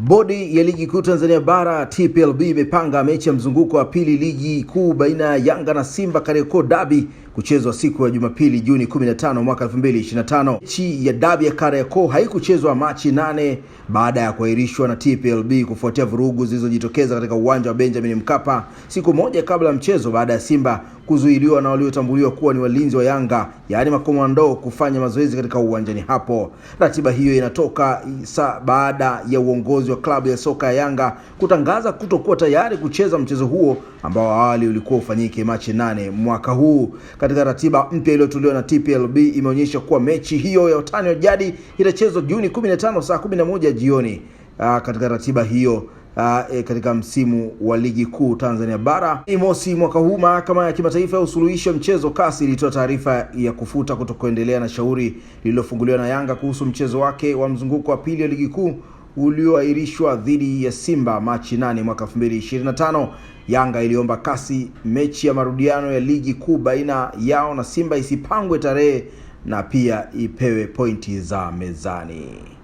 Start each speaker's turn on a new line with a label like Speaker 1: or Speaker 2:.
Speaker 1: Bodi ya Ligi Kuu Tanzania Bara TPLB imepanga mechi ya mzunguko wa pili Ligi Kuu baina ya Yanga na Simba Kariakoo Derby kuchezwa siku ya Jumapili Juni 15 mwaka 2025. Mechi ya dabi ya Kariakoo haikuchezwa Machi 8 baada ya kuahirishwa na TPLB kufuatia vurugu zilizojitokeza katika uwanja wa Benjamin Mkapa siku moja kabla ya mchezo, baada ya Simba kuzuiliwa na waliotambuliwa kuwa ni walinzi wa Yanga, yaani makomando kufanya mazoezi katika uwanjani hapo. Ratiba hiyo inatoka saa baada ya uongozi wa klabu ya soka ya Yanga kutangaza kutokuwa tayari kucheza mchezo huo ambao awali ulikuwa ufanyike Machi 8 mwaka huu katika ratiba mpya iliyotolewa na TPLB imeonyesha kuwa mechi hiyo ya utani wa jadi itachezwa Juni 15 saa 11 jioni uh, katika ratiba hiyo Uh, e, katika msimu wa ligi kuu Tanzania bara mosi mwaka huu, mahakama ya kimataifa ya usuluhishi wa mchezo kasi ilitoa taarifa ya kufuta kutokuendelea na shauri lililofunguliwa na Yanga kuhusu mchezo wake wa mzunguko wa pili wa ligi kuu ulioahirishwa dhidi ya Simba Machi 8 mwaka 2025. Yanga iliomba kasi mechi ya marudiano ya ligi kuu baina yao na Simba isipangwe tarehe na pia ipewe pointi za mezani.